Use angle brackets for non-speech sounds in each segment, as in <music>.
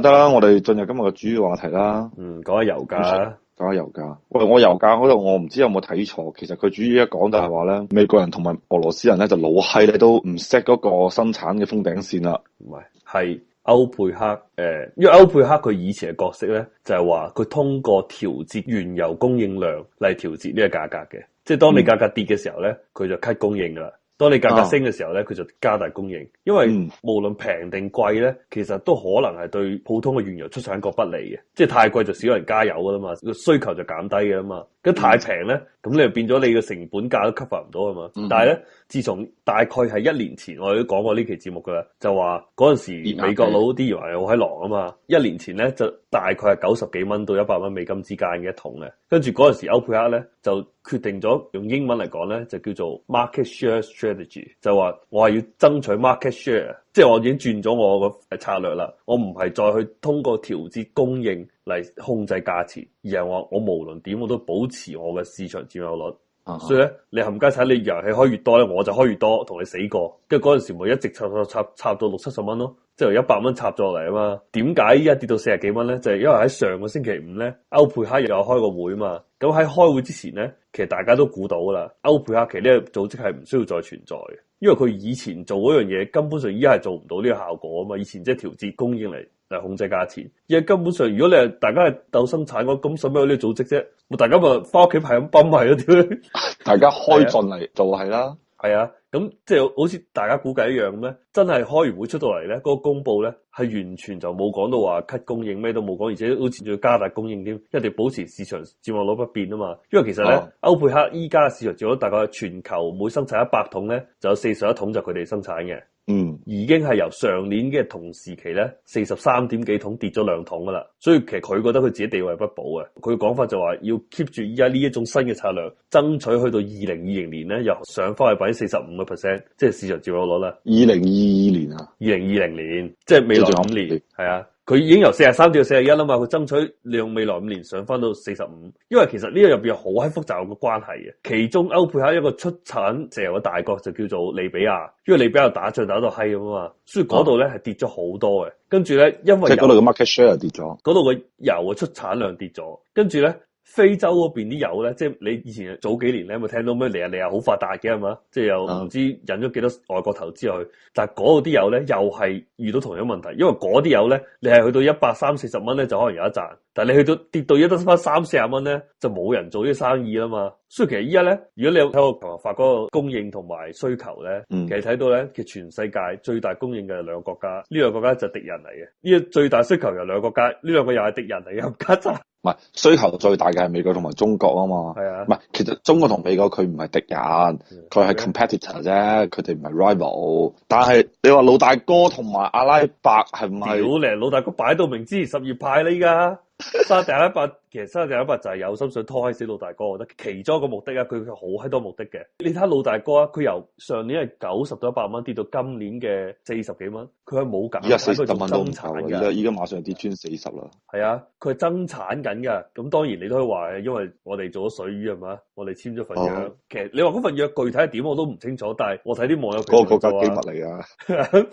得啦，我哋進入今日嘅主要話題啦。嗯，講下油價，講、嗯、下油價、嗯。喂，我油價嗰度我唔知有冇睇錯。其實佢主要一講就係話咧，美國人同埋俄羅斯人咧就老係咧都唔 set 嗰個生產嘅封頂線啦。唔係，係歐佩克誒、呃，因為歐佩克佢以前嘅角色咧就係話佢通過調節原油供應量嚟調節呢個價格嘅。即係當你價格跌嘅時候咧，佢、嗯、就 cut 供應噶啦。當你價格升嘅時候呢，佢、oh. 就加大供應，因為無論平定貴呢，其實都可能係對普通嘅原油出產國不利嘅，即係太貴就少人加油㗎喇嘛，個需求就減低㗎喇嘛。咁、嗯、太平咧，咁你就變咗你個成本價都 cover 唔到啊嘛。嗯、但係咧，自從大概係一年前，我哋都講過呢期節目噶啦，就話嗰陣時美國佬啲嘢好喺狼啊嘛。一年前咧就大概係九十幾蚊到一百蚊美金之間嘅一桶咧，跟住嗰陣時歐佩克咧就決定咗用英文嚟講咧就叫做 market share strategy，就話我係要爭取 market share。即係我已經轉咗我個策略啦，我唔係再去通過調節供應嚟控制價錢，而係我我無論點我都保持我嘅市場佔有率。嗯、哼所以咧，你冚家鏟你油氣開越多咧，我就開越多，同你死過。跟住嗰陣時咪一直插插插插到六七十蚊咯。即係一百蚊插咗嚟啊嘛，點解依家跌到四十幾蚊咧？就係因為喺上個星期五咧，歐佩克又有開個會嘛。咁喺開會之前咧，其實大家都估到啦，歐佩克其實呢個組織係唔需要再存在嘅，因為佢以前做嗰樣嘢根本上依家係做唔到呢個效果啊嘛。以前即係調節供應嚟嚟控制價錢，而係根本上如果你係大家係鬥生產嗰，咁使咩有呢個組織啫？大家咪翻屋企排緊泵咪啊啲， <laughs> 大家開進嚟做係啦。係啊，咁即係好似大家估計一樣咩？真係開完會出到嚟咧，嗰、那個公布咧係完全就冇講到話 cut 供應，咩都冇講，而且好似仲要加大供應添，因為保持市場佔有率不變啊嘛。因為其實咧，歐、哦、佩克依家嘅市場，佔到大概全球每生產一百桶咧，就有四十一桶就佢哋生產嘅。嗯，已經係由上年嘅同時期咧，四十三點幾桶跌咗兩桶噶啦，所以其實佢覺得佢自己地位不保嘅。佢講法就話要 keep 住依家呢一種新嘅策略，爭取去到二零二零年咧，又上翻去百分之四十五嘅 percent，即係市場佔有率啦。二零二二年啊，二零二零年，即係未來五年，係啊。佢已經由四十三至到四十一啦嘛，佢爭取利用未來五年上翻到四十五，因為其實呢個入邊有好閪複雜嘅關係嘅，其中歐佩克一個出產石油嘅大國就叫做利比亞，因為利比亞打仗打到閪啊嘛，所以嗰度咧係跌咗好多嘅，跟住咧因為即係嗰度嘅 market share 跌咗，嗰度嘅油嘅出產量跌咗，跟住咧。非洲嗰邊啲油咧，即係你以前早幾年你有冇聽到咩嚟啊嚟啊，好發達嘅係嘛，即係又唔知引咗幾多外國投資去。但係嗰度啲油咧，又係遇到同樣問題，因為嗰啲油咧，你係去到一百三四十蚊咧，就可能有得賺；但係你去到跌到一得翻三四十蚊咧，就冇人做呢啲生意啦嘛。所以其實依家咧，如果你有睇我同油發嗰個供應同埋需求咧，其實睇到咧，其實全世界最大供應嘅兩個國家，呢兩個國家就係敵人嚟嘅。呢個最大需求又兩個國家，呢兩個又係敵人嚟，又唔夾咋？唔係，需求最大嘅係美國同埋中國啊嘛。唔係、啊、其實中國同美國佢唔係敵人，佢係 competitor 啫，佢哋唔係 rival，但係你話老大哥同埋阿拉伯係唔係？屌你老大哥擺到明知十二派啦依家，沙特阿其實三大一密就係有心想拖死老大哥，我覺得其中一個目的啊，佢好閪多目的嘅。你睇下老大哥啊，佢由上年係九十到一百蚊跌到今年嘅四十幾蚊，佢係冇減，佢增產嘅。依家依家馬上跌穿四十啦。係啊，佢係增產緊㗎。咁當然你都可以話，因為我哋做咗水魚係嘛，我哋簽咗份約。嗯、其實你話嗰份約具體係點，我都唔清楚。但係我睇啲網友嗰個國家機密嚟啊！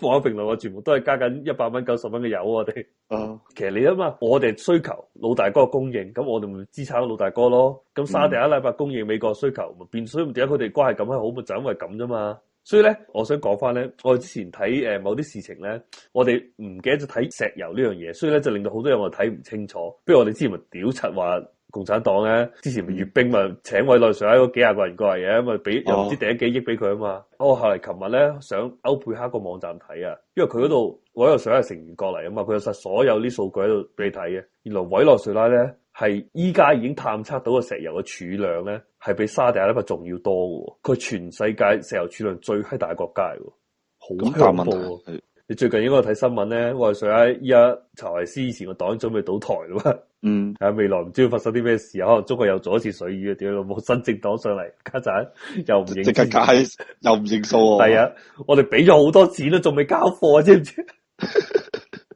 <laughs> 網友評論話，全部都係加緊一百蚊、九十蚊嘅油，我哋。嗯，其實你啊我哋需求。老大哥供應，咁我哋咪支撐老大哥咯。咁沙地一禮拜供應美國需求，咪變、嗯、所以點解佢哋關係咁係好？咪就因為咁啫嘛。所以咧，我想講翻咧，我哋之前睇誒某啲事情咧，我哋唔記得就睇石油呢樣嘢，所以咧就令到好多人我睇唔清楚。不如我哋之前咪屌柒話。共產黨咧，之前咪閱兵咪請委內瑞拉嗰幾廿個人過嚟嘅，咁咪俾又唔知掟咗幾億俾佢啊嘛。嘛哦，後嚟，琴日咧上歐佩克個網站睇啊，因為佢嗰度委內瑞拉係成員國嚟啊嘛，佢有晒所有啲數據喺度俾你睇嘅。原來委內瑞拉咧係依家已經探測到嘅石油嘅儲量咧係比沙地阿拉伯仲要多嘅，佢全世界石油儲量最巨大嘅國家嚟，好恐怖啊！你最近應該睇新聞咧，我上一依家查韋斯以前個黨準備倒台啦嘛，嗯，誒未來唔知會發生啲咩事，可能中國又做一次水魚啊，點啊，冇新政黨上嚟，家陣又唔即刻解，又唔認數啊，係啊，我哋俾咗好多錢都仲未交貨啊，知唔知？ <laughs>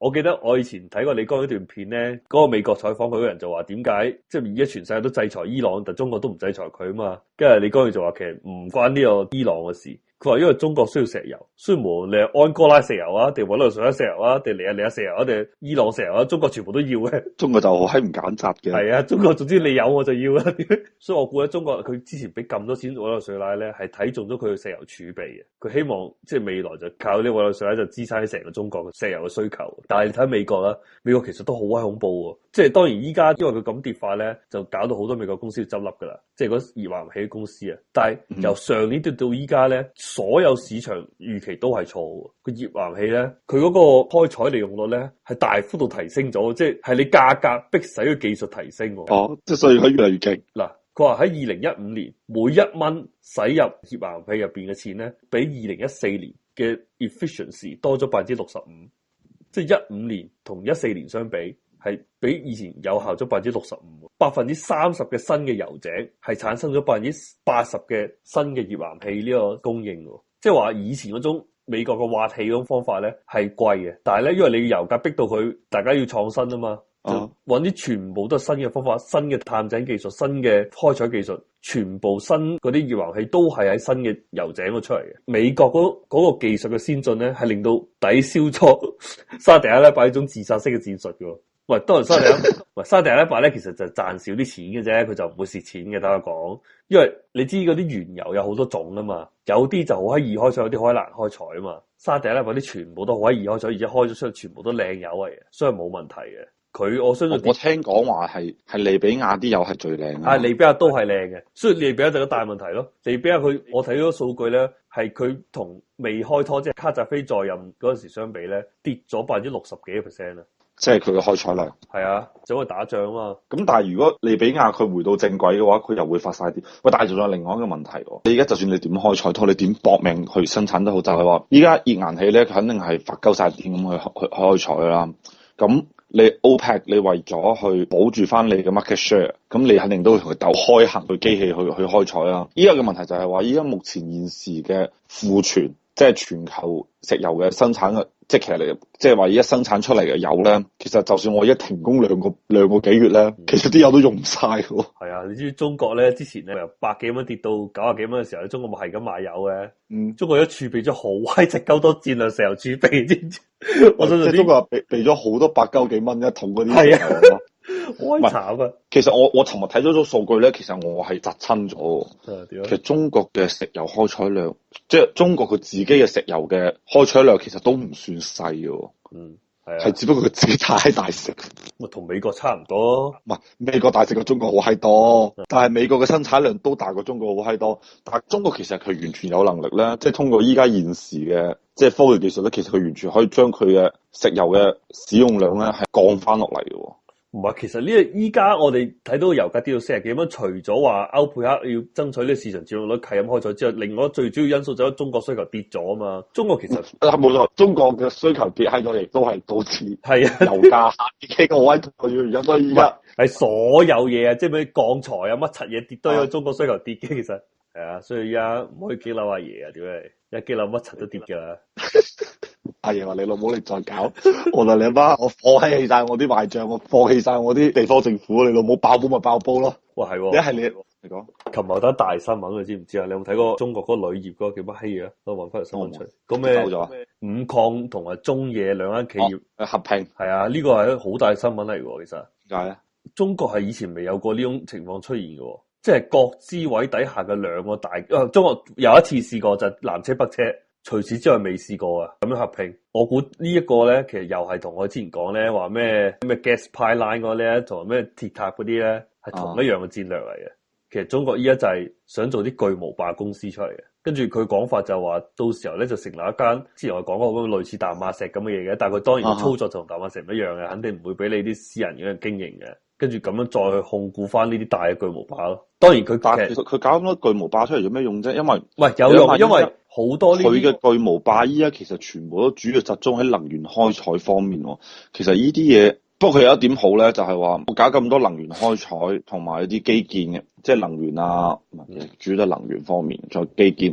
我記得我以前睇過李剛嗰段片咧，嗰、嗰個美國採訪佢嗰人就話，點解即係而家全世界都制裁伊朗，但中國都唔制裁佢啊嘛？跟住李剛佢就話，其實唔關呢個伊朗嘅事。佢話：因為中國需要石油，所以無論你安哥拉石油啊，定委內瑞拉石油啊，定尼日利亞石油啊，定伊朗石油啊，中國全部都要嘅。中國就好閪唔揀擇嘅。係啊，中國總之你有我就要啦。 <laughs> 所以我估咧，中國佢之前俾咁多錢委內瑞拉咧，係睇中咗佢嘅石油儲備嘅。佢希望即係、就是、未來就靠呢委內瑞拉就支撐起成個中國嘅石油嘅需求。但係你睇美國啦，美國其實都好鬼恐怖喎。即係當然，依家因為佢咁跌法咧，就搞到好多美國公司要執笠噶啦。即係嗰頁岩氣公司啊。但係由上年跌到依家咧，所有市場預期都係錯嘅。個頁岩氣咧，佢嗰個開採利用率咧係大幅度提升咗，即係係你價格逼使嘅技術提升喎。哦、啊，即、就、係、是、所以佢越嚟越勁嗱。佢話喺二零一五年，每一蚊使入頁岩氣入邊嘅錢咧，比二零一四年嘅 efficiency 多咗百分之六十五，即係一五年同一四年相比。係比以前有效咗百分之六十五，百分之三十嘅新嘅油井係產生咗百分之八十嘅新嘅頁岩氣呢個供應喎。即係話以前嗰種美國嘅挖氣嗰種方法咧係貴嘅，但係咧因為你嘅油價逼到佢大家要創新啊嘛，就揾啲全部都係新嘅方法、新嘅探井技術、新嘅開採技術，全部新嗰啲頁岩氣都係喺新嘅油井度出嚟嘅。美國嗰、嗰個技術嘅先進咧係令到抵消咗沙地阿拉伯呢擺種自殺式嘅戰術喎。喂，當然，收糧，喂，沙地阿拉伯咧，其實就賺少啲錢嘅啫，佢就唔會蝕錢嘅，大家講。因為你知嗰啲原油有好多種啊嘛，有啲就好喺易開採，有啲好喺難開採啊嘛。沙地阿拉伯啲全部都好喺易開採，而且開咗出去全部都靚油嚟嘅，所以冇問題嘅。佢我相信我，我聽講話係係利比亞啲油係最靚啊，利比亞都係靚嘅，所以利比亞就有大問題咯。利比亞佢我睇到數據咧，係佢同未開拖即係卡扎菲在任嗰陣時相比咧，跌咗百分之六十幾 percent 啦。即係佢嘅開採量，係啊，走去打仗啊嘛。咁但係如果利比亞佢回到正軌嘅話，佢又會發晒啲。喂，但係仲有另外一個問題，你而家就算你點開採多，你點搏命去生產都好，就係話依家頁岩氣咧，佢肯定係發鳩晒癲咁去去開採啦。咁你 OPEC 你為咗去保住翻你嘅 market share，咁你肯定都會同佢鬥開行佢機器去去開採啦。依家嘅問題就係話，依家目前現時嘅庫存。即係全球石油嘅生產嘅，即係其實你即係話而家生產出嚟嘅油咧，其實就算我一停工兩個兩個幾月咧，嗯、其實啲油都用唔晒喎。係啊，你知唔知中國咧之前咧由百幾蚊跌到九啊幾蚊嘅時候，中國咪係咁買油嘅。嗯，中國一儲備咗好閪值鳩多戰略石油儲備知，喂我即係中國備備咗好多百鳩幾蚊一桶嗰啲。係啊。 <laughs> 唔係，其實我我尋日睇咗組數據咧，其實我係窒親咗。其實中國嘅石油開採量，即係中國佢自己嘅石油嘅開採量，其實都唔算細嘅。嗯，係啊，係只不過佢自己太大食。我同美國差唔多，唔係美國大食過中國好閪多，嗯、但係美國嘅生產量都大過中國好閪多。但係中國其實佢完全有能力咧，即係通過依家現時嘅即係科技技術咧，其實佢完全可以將佢嘅石油嘅使用量咧係降翻落嚟嘅。唔係，其實呢依家我哋睇到個油價跌到四十幾蚊，除咗話歐佩克要爭取呢市場佔用率契咁開咗之外，另外最主要因素就係中國需求跌咗啊嘛。中國其實冇錯，中國嘅需求跌喺度，亦都係導致係啊油價跌嘅好危要原因。是啊、 <laughs> 所以依家係所有嘢啊，即係咩鋼材啊乜柒嘢跌，都係中國需求跌嘅。其實係啊，所以依家唔可以激嬲阿爺啊，點解一激嬲乜柒都跌嘅？ <laughs> 阿爺話：你老母，你再搞，我同你阿媽，我放棄晒我啲壞賬，我放棄晒我啲地方政府，你老母爆煲咪爆煲咯。哇，係喎、啊！一係你，你，啊啊、你講琴日有單大新聞，你知唔知啊？你有冇睇過中國嗰個鋁業嗰個叫乜閪嘢啊？我揾翻嚟新聞出。個咩？咗五礦同埋中冶兩間企業合併，係啊，呢個係好大新聞嚟嘅喎。其實點解咧？麼中國係以前未有過呢種情況出現嘅，即係國資委底下嘅兩個大。誒，中國有一次試過就係、南車北車。除此之外未試過啊！咁樣合併，我估呢一個咧，其實又係同我之前講咧，話咩咩 gas pipeline 嗰啲咧，同咩鐵塔嗰啲咧，係同一樣嘅戰略嚟嘅。啊、其實中國依家就係想做啲巨無霸公司出嚟嘅，跟住佢講法就話，到時候咧就成立一間，之前我講過嗰個類似大馬石咁嘅嘢嘅，但係佢當然操作就同淡馬錫唔一樣嘅，肯定唔會俾你啲私人咁樣經營嘅。跟住咁樣再去控股翻呢啲大嘅巨無霸咯。當然佢佢搞咁多巨無霸出嚟有咩用啫？因為喂有用，因為。因為好多佢嘅巨無霸依家、啊、其實全部都主要集中喺能源開採方面喎、哦，其實呢啲嘢，不過佢有一點好咧，就係、是、話我搞咁多能源開採同埋一啲基建嘅，即係能源啊，主要都係能源方面再基建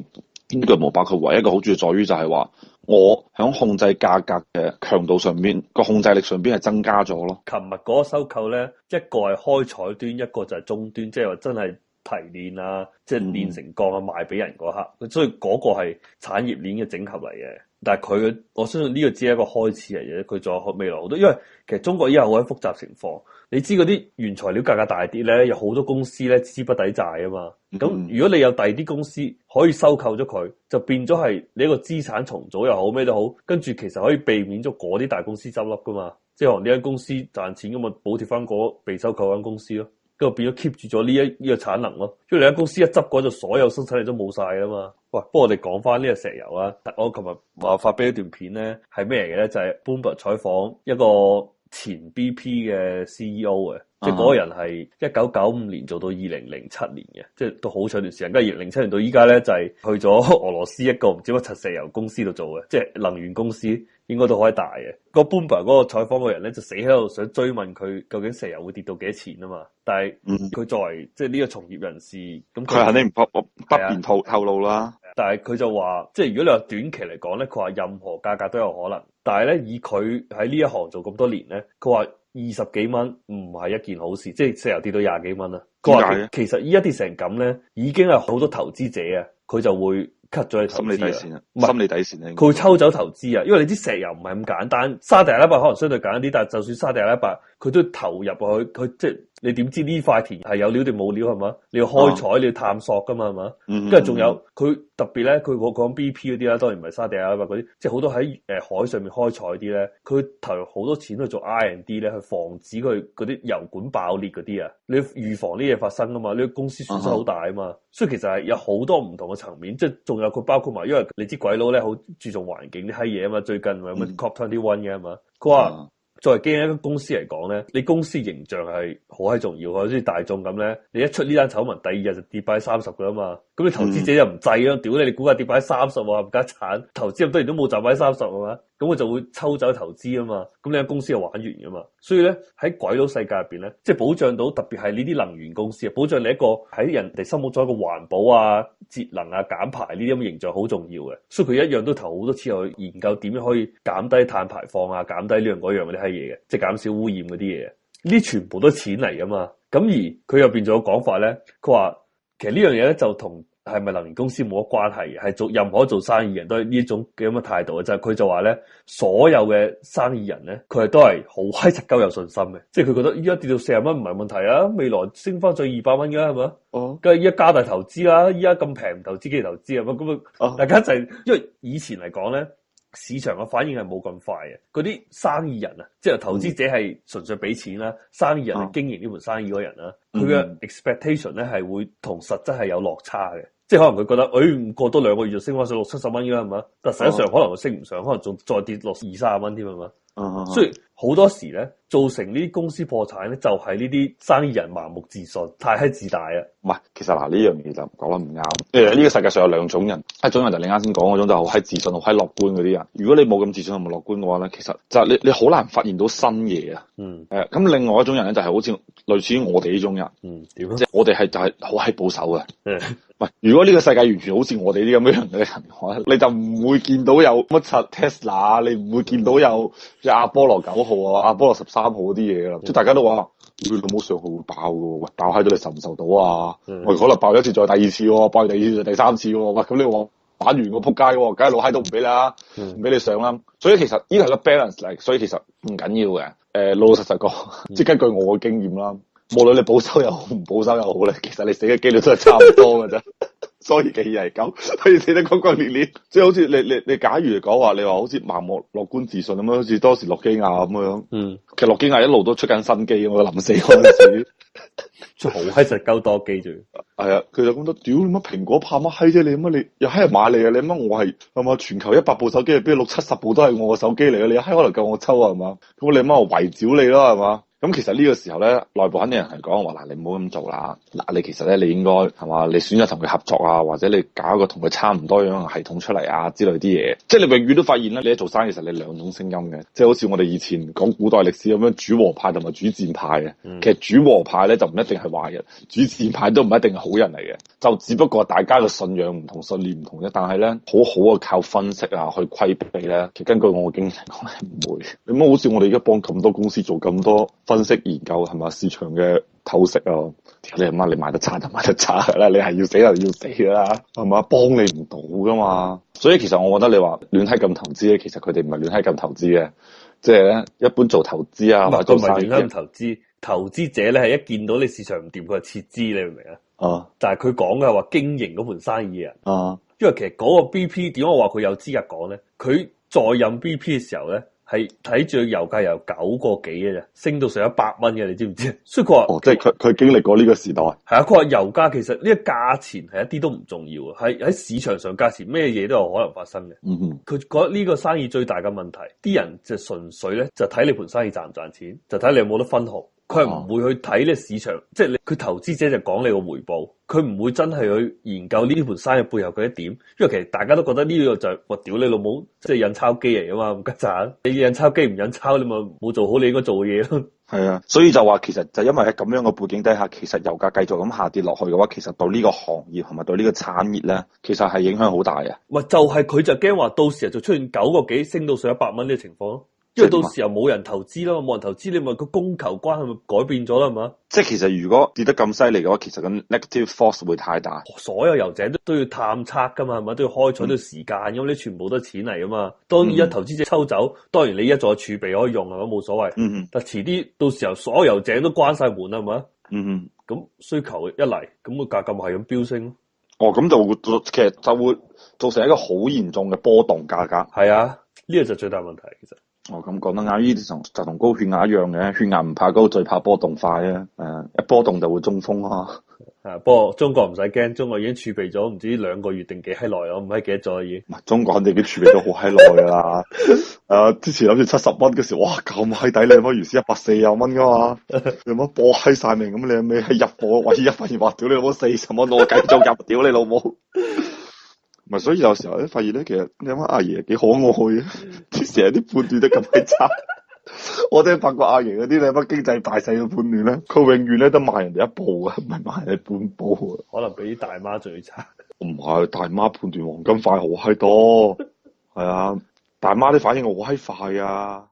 呢個巨無霸佢唯一,一個好處在於就係話我喺控制價格嘅強度上邊個控制力上邊係增加咗咯。琴日嗰個收購咧，一個係開採端，一個就係終端，即係話真係。提煉啊，即係煉成鋼啊，賣俾人嗰刻，所以嗰個係產業鏈嘅整合嚟嘅。但係佢，我相信呢個只係一個開始嚟嘅，佢仲有未來好多。因為其實中國以後好複雜情況，你知嗰啲原材料價格大跌咧，有好多公司咧資不抵債啊嘛。咁如果你有第啲公司可以收購咗佢，就變咗係你一個資產重組又好咩都好，跟住其實可以避免咗嗰啲大公司執笠噶嘛。即係可能呢間公司賺錢咁嘛，補貼翻嗰被收購嗰間公司咯。就變咗 keep 住咗呢一呢個產能咯，因為你間公司一執過就所有生產力都冇晒啦嘛。喂，不過我哋講翻呢個石油啊，我琴日話發俾一段片咧，係咩嚟嘅咧？就係 Bloomberg 採訪一個前 BP 嘅 CEO 嘅。即係嗰個人係一九九五年做到二零零七年嘅，即係都好長段時間。跟住二零零七年到依家咧，就係、是、去咗俄羅斯一個唔知乜石油公司度做嘅，即係能源公司應該都可以大嘅。個 Bloomberg 嗰個採訪嘅人咧，就死喺度想追問佢究竟石油會跌到幾多錢啊嘛。但係佢作為、嗯、即係呢個從業人士，咁佢肯定唔不便透透露啦。嗯、的但係佢就話，即係如果你話短期嚟講咧，佢話任何價格都有可能。但係咧，以佢喺呢一行做咁多年咧，佢話，二十幾蚊唔係一件好事，即係石油跌到廿幾蚊啊。佢話其實依家跌成咁咧，已經係好多投資者啊，佢就會 cut 咗去心理底線啊，唔係心理底線啊。佢抽走投資啊，嗯、因為你啲石油唔係咁簡單，沙地阿拉伯可能相對簡單啲，但係就算沙地阿拉伯，佢都投入去，佢即係。你點知呢塊田係有料定冇料係嘛？你要開採、啊、你要探索㗎嘛係嘛？跟住仲有佢特別咧，佢講 BP 嗰啲啦，當然唔係沙地啊嗰啲，即係好多喺誒海上面開採啲咧，佢投入好多錢去做 R&D 咧，D，去防止佢嗰啲油管爆裂嗰啲啊，你要預防啲嘢發生㗎嘛？呢你公司損失好大啊嘛，所以其實係有好多唔同嘅層面，即係仲有佢包括埋，因為你啲鬼佬咧好注重環境啲係嘢啊嘛，最近咪有乜 Cop Twenty One 嘅係嘛？佢話，嗯作為經營一個公司嚟講咧，你公司形象係好閪重要，好似大眾咁咧，你一出呢單醜聞，第二日就跌翻三十噶啦嘛，咁你投資者又唔濟啊，屌、嗯、你，你估下跌翻三十喎，冚家鏟，投資咁多年都冇賺翻三十啊嘛～咁佢就會抽走投資啊嘛，咁你間公司就玩完啊嘛，所以咧喺鬼佬世界入邊咧，即係保障到特別係呢啲能源公司啊，保障你一個喺人哋心目中一個環保啊、節能啊、減排呢啲咁嘅形象好重要嘅，所以佢一樣都投好多錢去研究點樣可以減低碳排放啊、減低呢樣嗰樣嗰啲閪嘢嘅，即係減少污染嗰啲嘢，呢全部都錢嚟噶嘛，咁而佢又變咗個講法咧，佢話其實呢樣嘢咧就同。係咪能源公司冇乜關係？係做任何做生意人都係呢種咁嘅態度，就係佢就話咧，所有嘅生意人咧，佢係都係好嗨實夠有信心嘅，即係佢覺得依家跌到四十蚊唔係問題啊，未來升翻上二百蚊噶係咪啊？哦，跟住依家加大投資啦，依家咁平投資幾時投資啊？咁啊，大家就係，因為以前嚟講咧。市場嘅反應係冇咁快嘅，嗰啲生意人啊，即係投資者係純粹俾錢啦，嗯、生意人係經營呢門生意嗰人啦，佢嘅、嗯、expectation 咧係會同實質係有落差嘅，即係可能佢覺得，誒、哎、唔過多兩個月就升翻上六七十蚊嘅啦，係咪啊？但實際上可能佢升唔上，可能仲再跌落二三十蚊添，係咪啊？嗯嗯。所以。好多時咧，造成呢啲公司破產咧，就係呢啲生意人盲目自信、太閪自大啊！唔係，其實嗱呢樣嘢就講得唔啱。誒、欸，呢個世界上有兩種人，一種人就係你啱先講嗰種，就好閪自信、好閪樂觀嗰啲人。如果你冇咁自信、冇咁樂觀嘅話咧，其實就係你你好難發現到新嘢啊。嗯。誒、欸，咁另外一種人咧，就係好似類似於我哋呢種人。嗯。點啊？我哋係就係好閪保守嘅。誒。唔係，如果呢個世界完全好似我哋呢咁樣嘅人，你就唔會見到有乜柒 Tesla，你唔會見到有，有阿波羅九。阿波羅十三號嗰啲嘢啦，即係、mm hmm. 大家都話，老母上號會爆噶喎，爆閪咗你受唔受到啊？喂、mm，可能爆完一次再第二次喎、哦，爆第二次就第三次喎、哦，喂，咁你我玩完我扑街喎，梗係老閪都唔俾你啊，唔俾、mm hmm. 你上啦。所以其實呢個係個 balance 嚟，所以其實唔緊要嘅。誒，老、呃、老實實講，即係根據我嘅經驗啦，mm hmm. 無論你保修又好，唔保修又好咧，其實你死嘅幾率都係差唔多嘅啫。 <laughs> 所以佢又係溝，所以死得轟轟烈烈。即係好似你你你，假如嚟講話你話好似盲目樂觀自信咁樣，好似當時諾基亞咁樣。嗯，其實諾基亞一路都出緊新機，我臨死嗰陣時，仲好閪實鳩多機住。係啊，佢就咁多屌你乜蘋果怕乜閪啫？你乜你又閪人買你啊？你乜我係係嘛？全球一百部手機入邊六七十部都係我嘅手機嚟嘅，你閪可能夠我抽啊？係嘛？咁我你媽我圍剿你啦？係嘛？咁其，其實呢個時候咧，內部肯定有人係講話嗱，你唔好咁做啦，嗱你其實咧，你應該係嘛，你選擇同佢合作啊，或者你搞一個同佢差唔多樣嘅系統出嚟啊之類啲嘢，即係你永遠都發現咧，你一做生意實你兩種聲音嘅，即係好似我哋以前講古代歷史咁樣，主和派同埋主戰派嘅，其實主和派咧就唔一定係壞人，主戰派都唔一定係好人嚟嘅，就只不過大家嘅信仰唔同、信念唔同啫。但係咧，好好啊靠分析啊去規避咧、啊，根據我嘅經驗嚟講咧唔會。咁啊，好似我哋而家幫咁多公司做咁多。分析研究係咪市場嘅透析啊？你阿媽，你買得差就買得差啦，你係要死又要死啦，係咪啊？幫你唔到噶嘛。所以其實我覺得你話亂閪咁投資咧，其實佢哋唔係亂閪咁投資嘅，即係咧一般做投資啊，做生意係亂咁投資，投資者咧係一見到你市場唔掂，佢就撤資，你明唔明啊？哦。但係佢講嘅係話經營嗰盤生意啊。哦、啊。因為其實嗰個 B P 點解我話佢有資格講咧？佢再任 B P 嘅時候咧。係睇住油價由九個幾嘅啫，升到成一百蚊嘅，你知唔知？所以佢話，哦，即係佢佢經歷過呢個時代。係啊，佢話油價其實呢個價錢係一啲都唔重要嘅，喺喺市場上價錢咩嘢都有可能發生嘅。嗯哼，佢覺得呢個生意最大嘅問題，啲人就純粹咧就睇你盤生意賺唔賺錢，就睇你有冇得分紅。佢唔會去睇呢市場，啊、即係佢投資者就講你個回報，佢唔會真係去研究呢盤生意背後嘅一點，因為其實大家都覺得呢個就是，哇屌你老母，即係印鈔機嚟噶嘛，唔吉咋？你印鈔機唔印鈔，你咪冇做好你應該做嘅嘢咯。係啊，所以就話其實就因為喺咁樣嘅背景底下，其實油價繼續咁下跌落去嘅話，其實對呢個行業同埋對呢個產業咧，其實係影響好大啊。咪就係佢就驚話，到時就出現九個幾升到上一百蚊呢個情況咯。因為到時候冇人投資啦，冇人投資你咪個供求關係咪改變咗啦，係嘛？即係其實如果跌得咁犀利嘅話，其實個 negative force 會太大。所有油井都都要探測噶嘛，係咪？都要開採都要時間，因為你全部都係錢嚟噶嘛。當然一投資者抽走，嗯、當然你一再儲備可以用啊，冇所謂。嗯嗯。嗯但係遲啲到時候所有油井都關晒門啦，係嘛、嗯？嗯嗯。咁需求一嚟，咁個價格咪係咁飆升哦，咁就會其實就會造成一個好嚴重嘅波動價格。係啊，呢個就最大問題其實。我咁講得啱，呢、哦、就同高血壓一樣嘅，血壓唔怕高，最怕波動快啊！誒、呃，一波動就會中風啊！誒、啊，不過中國唔使驚，中國已經儲備咗唔知兩個月定幾閪耐我唔係幾多早已。唔係中國肯定已經儲備咗好閪耐噶啦！誒、 <laughs> 啊，之前諗住七十蚊嘅時，哇咁閪抵，你阿媽原先一百四廿蚊噶嘛，你冇播喺閪晒命咁，你阿媽入波，或者一發現話，屌你老母四十蚊，我繼續入，屌你老母！ <laughs> 唔所以有時候咧，發現咧，其實你諗下阿爺幾可愛啊！成日啲判斷都咁閪差， <laughs> 我真係發覺阿爺嗰啲你諗下經濟大細嘅判斷咧，佢永遠咧都賣人哋一步嘅，唔係賣人哋半步嘅。可能比啲大媽最差。唔係，大媽判斷黃金快好閪多，係 <laughs> 啊，大媽啲反應好閪快啊！